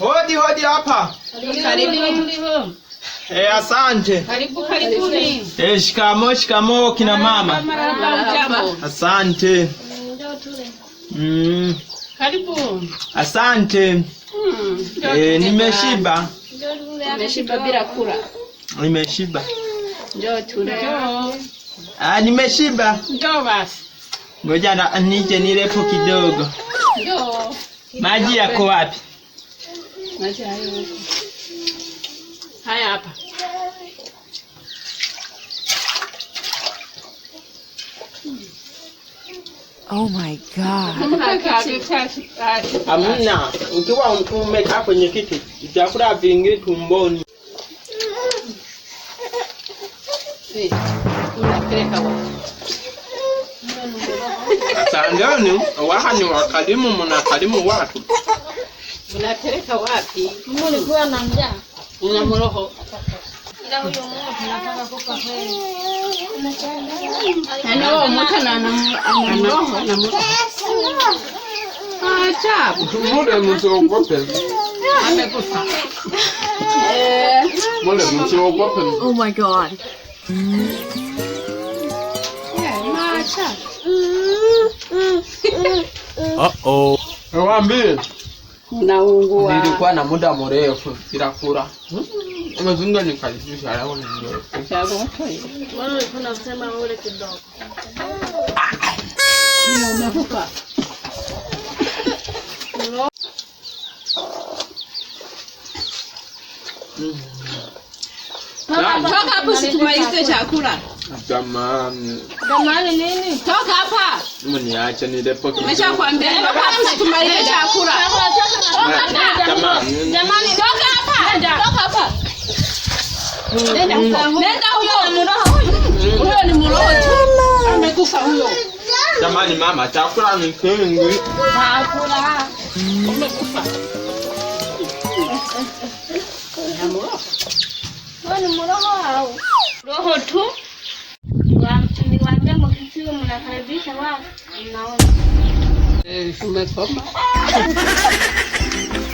Hodi hodi hapa. Karibu. Eh, asante. Karibu karibu. Eh, shikamo shikamo kina mama. Asante. Mm. Karibu. Asante. Mm. Eh, nimeshiba. Nimeshiba bila kula. Nimeshiba. Njoo tule. Ah, nimeshiba. Njoo basi. Ngoja na nije nirepo kidogo. Njoo. Maji yako wapi? Acha hayo huko. Haya hapa. Oh my God. Amina, ukiwa umekaa kwenye kiti, vyakula vingie tumboni. Sasa ndio ni wakalimu, mnakalimu watu. Mnapeleka wapi? Mlikuwa na mjaa. Una mroho. Ila huyo mmoja anataka kuka kweli. Ana wao mmoja na ana mroho na mroho. Ah, chabu. Mmoja msiogope. Amekufa. Eh. Mmoja msiogope. Oh my god. Yeah, macha. Uh-oh. Waambie unaungua. Nilikuwa na muda mrefu bila kula. Umezunga nikalisha leo ni ndio. Chago Wewe ulikuwa unasema ule kidogo. Ni umevuka. Toka hapo sikumalize chakula. Jamani. Jamani nini? Toka hapa. Mniache nilepo. Nimeshakwambia toka hapo sikumalize chakula. Nenda mm. huyo muroho huyo. Huyo ni muroho tu. Amekufa huyo. Jamani mama, chakula ni kingi. Chakula. Amekufa. Na muroho. Huyo ni muroho hao. Roho tu. Niwaambia mkisiwe mnakaribisha wao. Mnaona. Eh, umekoma.